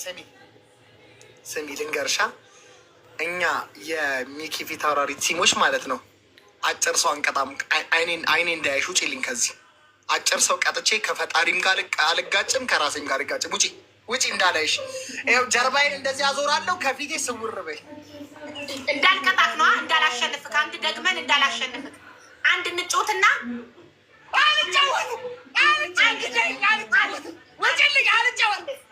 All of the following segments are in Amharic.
ስሚ ስሚ ልንገርሻ፣ እኛ የሚኪ ፊት አውራሪ ሲሞች ማለት ነው። አጭር ሰው አንቀጣም። አይኔ እንዳያሽ ውጪልኝ ከዚህ አጭር ሰው ቀጥቼ ከፈጣሪም ጋር አልጋጭም፣ ከራሴም ጋር አልጋጭም። ውጪ ውጪ እንዳላይሽ። ይኸው ጀርባዬን እንደዚህ አዞራለሁ። ከፊቴ ስውር በይ። እንዳልቀጣት ነዋ። እንዳላሸንፍክ አንድ ደግመን እንዳላሸንፍክ አንድ እንጮትና አልጫወት አልጫወት አልጫወት ውጪልኝ አልጫወት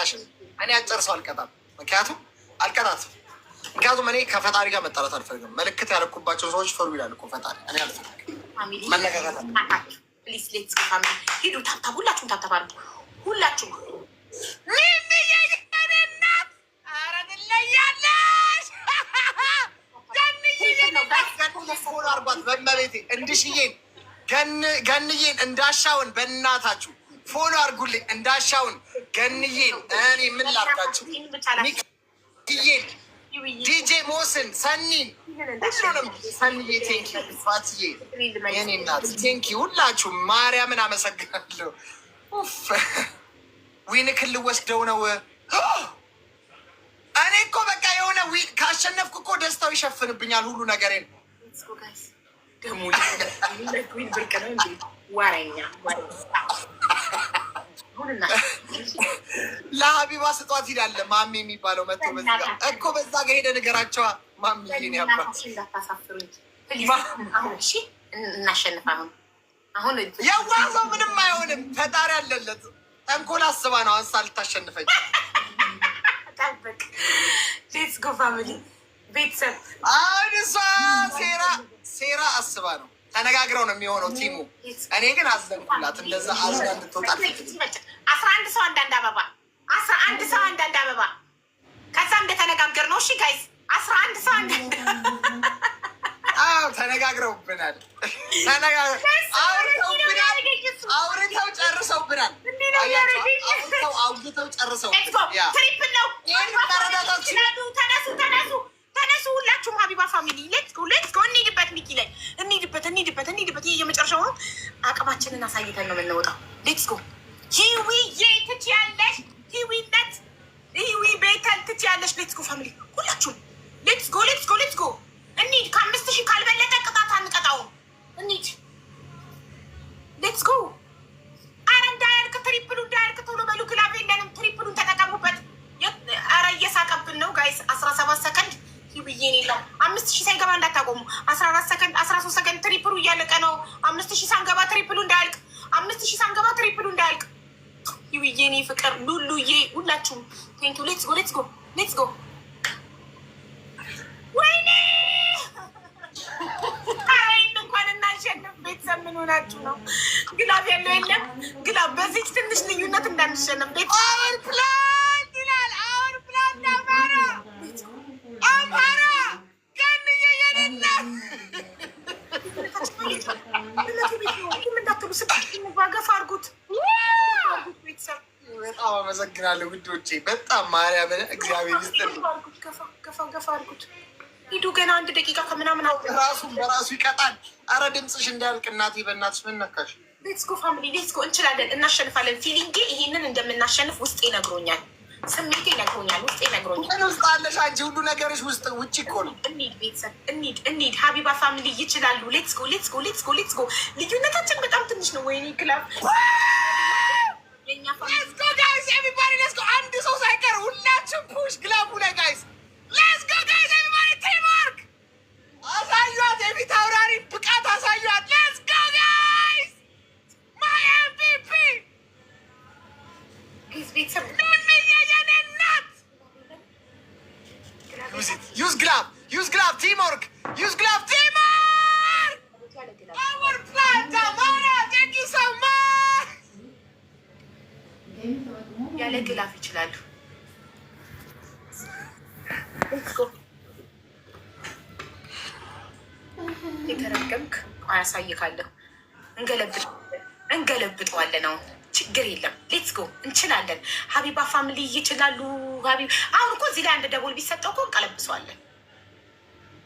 አልቀጣሽም። እኔ አጭር ሰው አልቀጣም። ምክንያቱም አልቀጣትም። ምክንያቱም እኔ ከፈጣሪ ጋር መጣላት አልፈልግም። ምልክት ያለኩባቸው ሰዎች ፈሩ ይላል እኮ ፈጣሪ። እኔ ሁላችሁም ሁላችሁም በመቤቴ እንድሽዬን ገንዬን እንዳሻውን በእናታችሁ ፎሎ አድርጉልኝ። እንዳሻውን ገንዬን፣ እኔ ምን ላርጋችሁ፣ ዲጄ ሞስን፣ ሰኒን፣ ሁሉንም ሰኒዬ፣ ቴንኪ ፋትዬ፣ የኔ እናት ቴንኪ፣ ሁላችሁ ማርያምን አመሰግናለሁ። ዊንክን ክልወስደው ነው። እኔ እኮ በቃ የሆነ ካሸነፍኩ እኮ ደስታው ይሸፍንብኛል ሁሉ ነገሬ ነው። ብርቅ ነው እንዴ? ዋረኛ ለሀቢባ ስጧት ሂዳለ ማሚ የሚባለው መቶ በዛ እኮ በዛ ጋር ሄደ ነገራቸዋ ማሚ እናሸንፋለን። አሁን የዋዘው ምንም አይሆንም። ፈጣሪ አለለት። ተንኮል አስባ ነው አንሳ ልታሸንፈኝ ቤተሰብ አሁን እሷ ሴራ ሴራ አስባ ነው ተነጋግረው ነው የሚሆነው ቲሙ። እኔ ግን አዘንኩላት። እንደዛ አዝና እንድትወጣ አስራ አንድ ሰው አንዳንድ አበባ አስራ አንድ ሰው አንዳንድ አበባ ከዛ እንደተነጋገር ነው። እሺ ጋይስ አስራ አንድ ሰው አንዳንድ ተነጋግረውብናል። አውርተው ጨርሰውብናል። አውርተው ጨርሰው ትሪፕ ነው። ተነሱ ተነሱ ሁላችሁ ሁላችሁም ሀቢባ ፋሚሊ ሌት ጎ ሌት ጎ እንሂድበት፣ ሚኪ ላይ እንሂድበት፣ እንሂድበት፣ እንሂድበት። ይሄ የመጨረሻው ነው። አቅማችንን አሳይተን ነው የምንወጣው። ሌት ጎ ሂዊ ዬ ትች ያለሽ ሂዊነት ሂዊ ቤተን ትች ያለሽ። ሌት ጎ ፋሚሊ ሁላችሁም ሌት ጎ፣ ሌትስ ጎ፣ ሌት ጎ ሌት ጎ እንሂድ ከአምስት ሺህ ካልበለጠ ቅጣት አንቀጣውም። እንሂድ ኔ የሌለው አምስት ሺህ ሳይገባ እንዳታቆሙ። አስራ አራት ሰከንድ አስራ ሶስት ሰከንድ ትሪፕሉ እያለቀ ነው። አምስት ሺህ ሳንገባ ትሪፕሉ እንዳያልቅ፣ አምስት ሺህ ሳንገባ ትሪፕሉ እንዳያልቅ። ይውዬኔ ፍቅር ሉሉዬ፣ ሁላችሁም ቴንኪው። ሌትስ ጎ ሌትስ ጎ ሌትስ ጎ። ወይኔ ቤተሰብ ምን ሆናችሁ ነው? ግላብ ያለው የለም ግላብ። በዚች ትንሽ ልዩነት እንዳንሸንፍ ቤት አድርጉት። ቤተሰብ በጣም አመሰግናለሁ ውዶቼ፣ በጣም ማርያም እግዚአብሔር ይስጥልኝ። ገፋ ገፋ አድርጉት። ሂዱ ገና አንድ ደቂቃ ከምናምን ራሱ በራሱ ይቀጣል። አረ ድምፅሽ እንዳያልቅ እናቴ፣ በእናትሽ ምን ነካሽ? ሌትስ ጎ ፋሚሊ ሌትስ ጎ፣ እንችላለን፣ እናሸንፋለን። ፊሊንጌ ይሄንን እንደምናሸንፍ ውስጤ ነግሮኛል። ስሜቴ ነግሮኛል። ውስጤ ነግሮኛል። ምን ውስጥ አለሽ አንቺ? ሁሉ ነገርሽ ውስጥ ውጭ እኮ ነው። እንሂድ ቤተሰብ እንሂድ እንሂድ። ሀቢባ ፋሚሊ ይችላሉ። ሌትስ ጎ ሌትስ ጎ ሌትስ ጎ ሌትስ ጎ። ልዩነታችን በጣም ትንሽ ነው። ወይኔ ክላብ ቤተሰብ ዩዝ ግላቭ ዩዝ ግላቭ ቲም ዩዝ ግላቭ ቲም ያለ ግላፍ ይችላሉ። የተረገምክ አያሳይካለሁ። እንገለብጠዋለን አሁን ችግር የለም። ሌትስ ጎ እንችላለን። ሀቢባ ፋሚሊ ይችላሉ። ሀቢብ አሁን እኮ እዚህ ላይ አንድ ደቦል ቢሰጠው እኮ እንቀለብሰዋለን።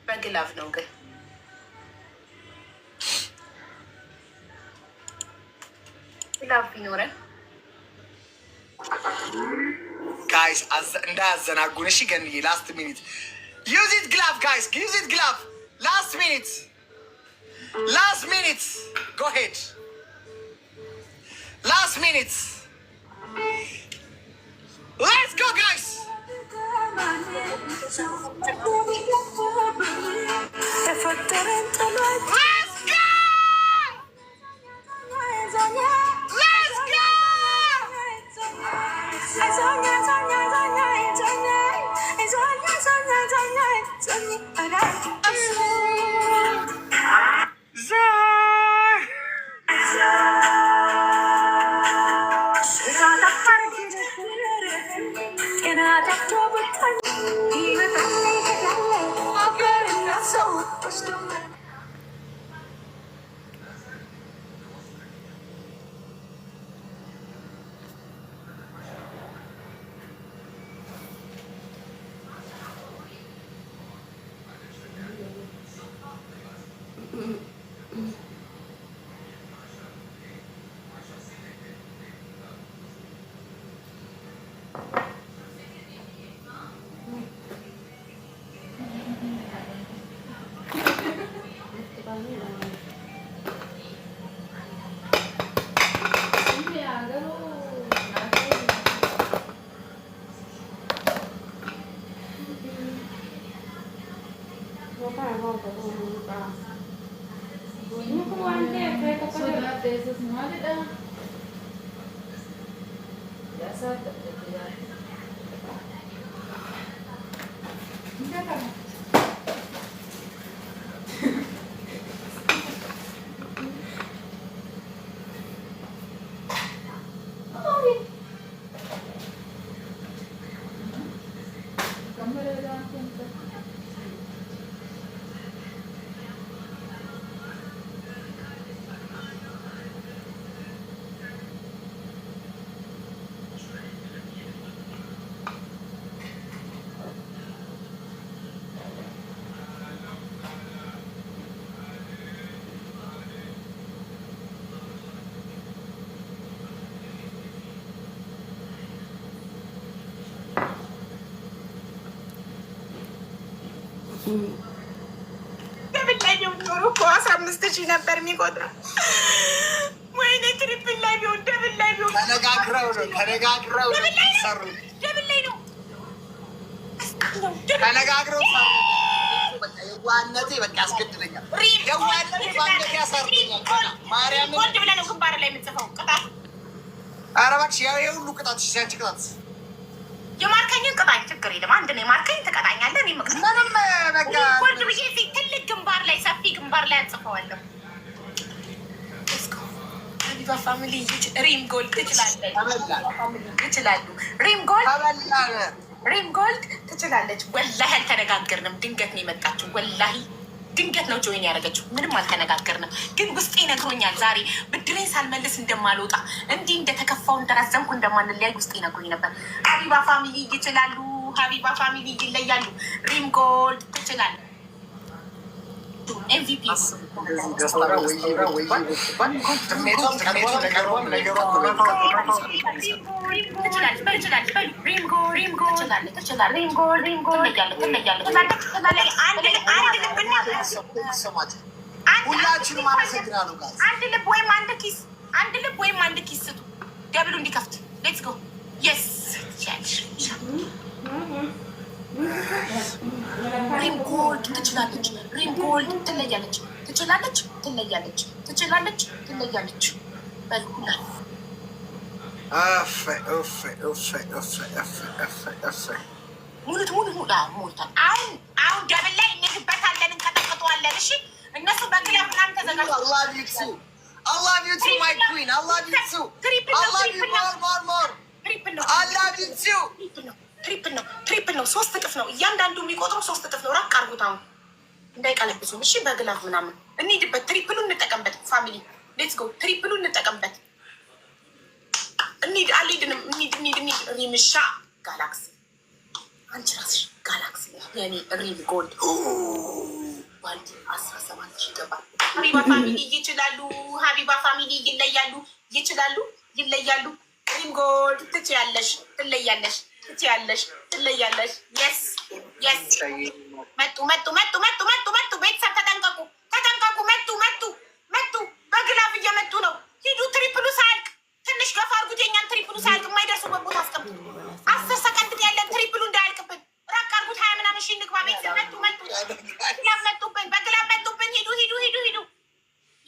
በግላቭ ነው ግን ግላቭ ቢኖረን ጋይስ እንዳያዘናጉን። እሺ ገንዬ ላስት ሚኒት ዩዚት ግላቭ ጋይስ ዩዚት ግላቭ ላስት ሚኒት ላስት ሚኒት ጎ ሄድ Last minutes. Let's go, guys. October 10th. Even I make it, I make I get it, I'm so ትሪፕል ላይ እኮ አስራ አምስት ሺህ ነበር የሚቆጥረው። ወይኔ ትሪፕል ላይ ቢሆን ደብል ላይ ቢሆን ተነጋግረው ነው ተነጋግረው ሰሩ። ደብል ላይ ነው ተነጋግረው ሰሩ። በቃ ያስገድለኛል። የዋህነቴ ባንገት ያሰርኛል። ማርያምን ወንድ ብለህ ነው ግንባር ላይ የምትጽፈው ቅጣት። ኧረ እባክሽ ያው የሁሉ ቅጣት ሲያንቺ ቅጣት የማርከኝ ቅጣኝ፣ ችግር የለም አንድ ነው። የማርከኝ ትቀጣኛለህ። ወርድ ብዬ ፊት ትልቅ ግንባር ላይ ሰፊ ግንባር ላይ አጽፈዋለሁ። ፋሚሊ ሪም ጎልድ ትችላሉ። ሪም ጎልድ ሪም ጎልድ ትችላለች። ወላሂ አልተነጋገርንም። ድንገት ነው የመጣችው ወላሂ ድንገት ነው ጆይን ያደረገችው። ምንም አልተነጋገርንም፣ ግን ውስጤ ነግሮኛል። ዛሬ ብድሬን ሳልመልስ እንደማልወጣ እንዲህ እንደተከፋው እንደራዘንኩ እንደማንለያይ ውስጤ ነግሮኝ ነበር። ሀቢባ ፋሚሊ ይችላሉ፣ ሀቢባ ፋሚሊ ይለያሉ። ሪም ጎልድ ትችላለህ ሁላችንም አንድ ልብ ወይም አንድ ኪስ፣ አንድ ልብ ወይም አንድ ኪስ ስጡ ደብሉ እንዲከፍት ሌትስ ጎ የስ ሪም ትችላለች፣ ሪም ጎልድ ትለያለች፣ ትችላለች፣ ትለያለች፣ ትችላለች፣ ትለያለች። በልኩላል ሙሉት ሙሉ ሙሉ ሞልቷል። አሁን አሁን ደብል ላይ እንሄድበታለን፣ እንቀጠቅጠዋለን። እሺ እነሱ በክለብ ምናምን ተዘጋጅተው I love ትሪፕል ነው፣ ትሪፕል ነው። ሶስት እጥፍ ነው። እያንዳንዱ የሚቆጥረው ሶስት እጥፍ ነው። ራቅ አርጉት አሁን እንዳይቀለብሱም። እሺ በግላፍ ምናምን እንሂድበት። ትሪፕሉ እንጠቀምበት። ፋሚሊ ሌትስ ጎ። ትሪፕሉ እንጠቀምበት። እንሂድ፣ አልሄድንም። እንሂድ፣ እንሂድ፣ እንሂድ። ሪምሻ ጋላክሲ፣ አንቺ ራስሽ ጋላክሲ የኔ ሪም ጎልድ ባልዲ አስራ ሰባት ሺ ገባል። ሀቢባ ፋሚሊ ይችላሉ። ሀቢባ ፋሚሊ ይለያሉ፣ ይችላሉ፣ ይለያሉ። ሪም ጎልድ ትችያለሽ፣ ትለያለሽ ትችያለሽ፣ ትለያለሽ። የስ የስ መጡ መጡ መጡ መጡ መጡ መጡ። ቤተሰብ ተጠንቀቁ፣ ተጠንቀቁ። መጡ መጡ መጡ። በግላፍ እየመጡ ነው። ሂዱ። ትሪፕሉ ሳያልቅ ትንሽ ገፋ አድርጉት። የኛን ትሪፕሉ ሳያልቅ የማይደርሱበት ቦታ አስቀምጡ። አስር ሰቀንድ ያለን ትሪፕሉ እንዳያልቅብን ራቅ አድርጉት። ሀያ ምናምን ሺ ንግባ። ቤተሰብ መጡ መጡ። በግላፍ መጡብን፣ በግላፍ መጡብን። ሂዱ ሂዱ ሂዱ ሂዱ።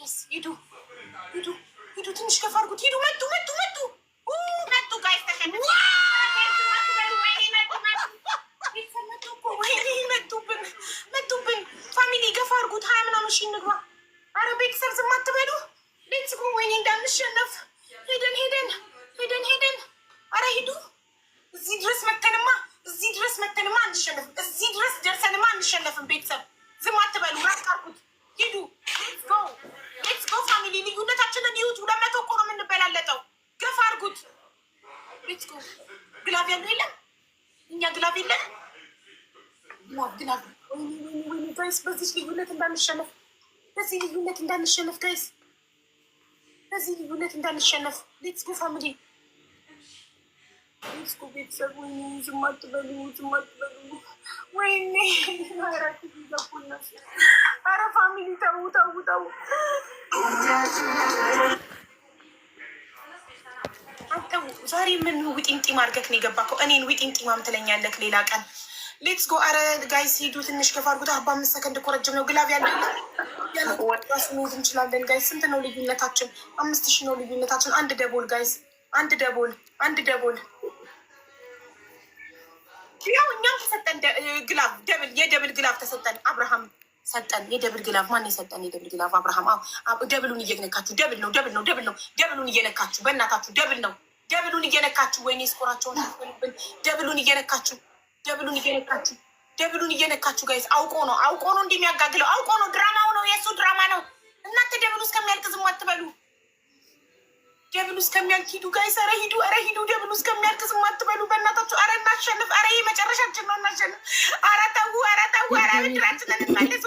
የስ ሂዱ ሂዱ ሂዱ። ትንሽ ገፋ አድርጉት። ሂዱ። መጡ መጡ መጡ ቤት ግላብ ያለው የለም። እኛ ግላብ የለን። ግላብ ጋይስ፣ በዚህ ልዩነት እንዳንሸነፍ፣ በዚህ ልዩነት እንዳንሸነፍ፣ ጋይስ፣ በዚህ ልዩነት እንዳንሸነፍ። ሌትስ ፋሚሊ፣ ሌትስ ጎ ቤተሰብ። ዝም አትበሉ፣ ዝም አትበሉ። ወይኔ ኧረ ፋሚሊ ተው፣ ተው፣ ተው ዛሬ ምን ዊጢምጢም አድርገህ ነው የገባከው? እኔን ዊጢምጢማም ትለኛለህ ሌላ ቀን። ሌትስ ጎ። አረ ጋይስ ሂዱ፣ ትንሽ ገፋ አርጉት። አርባ አምስት ሰከንድ እኮ ረጅም ነው። ግላብ ያለ መሄድ እንችላለን ጋይስ። ስንት ነው ልዩነታችን? አምስት ሺ ነው ልዩነታችን። አንድ ደቦል ጋይስ፣ አንድ ደቦል፣ አንድ ደቦል። ያው እኛም ተሰጠን ግላብ፣ ደብል የደብል ግላብ ተሰጠን። አብርሃም ሰጠን የደብል ግላፍ። ማን የሰጠን የደብል ግላፍ? አብርሃም። ደብሉን እየነካችሁ ደብል ነው፣ ደብል ነው፣ ደብል ነው፣ ደብሉን እየነካችሁ በእናታችሁ ደብል ነው። ደብሉን እየነካችሁ ወይኔ ስኮራቸውን አልፈልብን። ደብሉን እየነካችሁ ደብሉን እየነካችሁ ደብሉን እየነካችሁ ጋይዝ፣ አውቆ ነው አውቆ ነው እንደሚያጋግለው አውቆ ነው። ድራማው ነው የእሱ ድራማ ነው። እናንተ ደብሉ እስከሚያልቅ ዝም አትበሉ። ደብሉ እስከሚያልቅ ሂዱ ጋይዝ፣ ኧረ ሂዱ፣ ኧረ ሂዱ። ደብሉ እስከሚያልቅ ዝም አትበሉ በእናታችሁ። ኧረ እናሸንፍ፣ ኧረ ይህ መጨረሻችን ነው፣ እናሸንፍ። ኧረ ተው፣ ኧረ ተው፣ ኧረ ብድራችንን እንመልስ።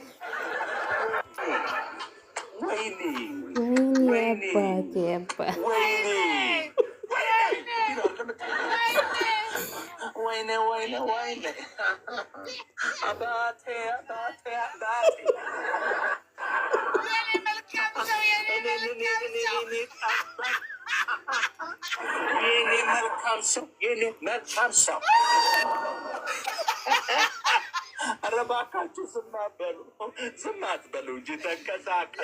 ወይኔ ወይኔ ወይኔ አባቴ አባቴ አባቴ የኔ መልካም ሰው የኔ መልካም ሰው ኧረ እባካችሁ ዝም አትበሉ፣ ዝም አትበሉ እንጂ ተንቀሳቀሱ።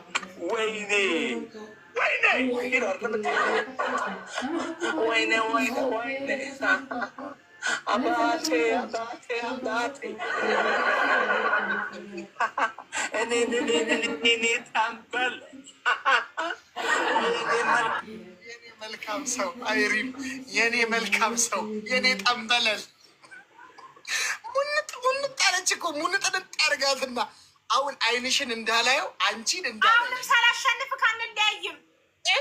ወይኔ ወይኔ ወይኔ አባቴ አባቴ አባቴ እኔ ታንበል የኔ መልካም ሰው አይሪም የኔ መልካም ሰው የኔ ጠንበለል ሙንጥ ሙንጥ አለች እኮ ሙንጥ ንጥ አድርጋትና አሁን አይንሽን እንዳላየው አንቺን እንዳላየው አሁንም ሳላሸንፍ ካንዳይ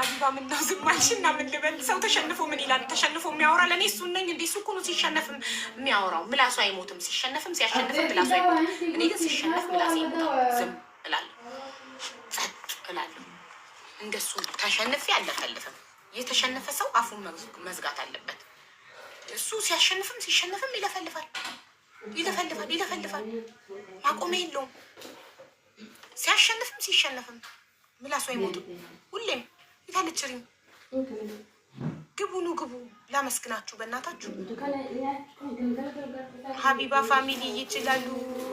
አቢባ ምን ነው ዝም አልሽ? እና ምን ልበል? ሰው ተሸንፎ ምን ይላል? ተሸንፎ የሚያወራ ለእኔ እሱን ነኝ እንዴ? እሱ እኮ ነው ሲሸነፍም የሚያወራው። ምላሱ አይሞትም። ሲሸነፍም ሲያሸንፍም ምላሱ አይሞትም። እኔ ግን ሲሸነፍ ምላሴ ይሞታል። ዝም እላለሁ፣ ጸጥ እላለሁ። እንደሱ ተሸንፌ አልለፈልፍም። የተሸነፈ ሰው አፉን መዝጋት አለበት። እሱ ሲያሸንፍም ሲሸንፍም ይለፈልፋል፣ ይለፈልፋል፣ ይለፈልፋል። ማቆሚያ የለውም። ሲያሸንፍም ሲሸነፍም ምላሱ አይሞትም ሁሌም ይታለችሪም ግቡ ኑ ግቡ፣ ላመስግናችሁ በእናታችሁ። ሀቢባ ፋሚሊ ይችላሉ።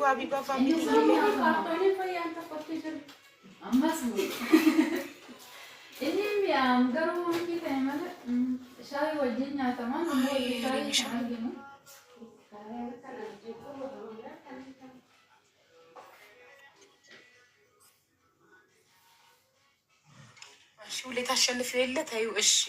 ሀቢባ ፋሚሊ ይችላሉ። ብለህ ታሸንፊው የለ ተይው። እሺ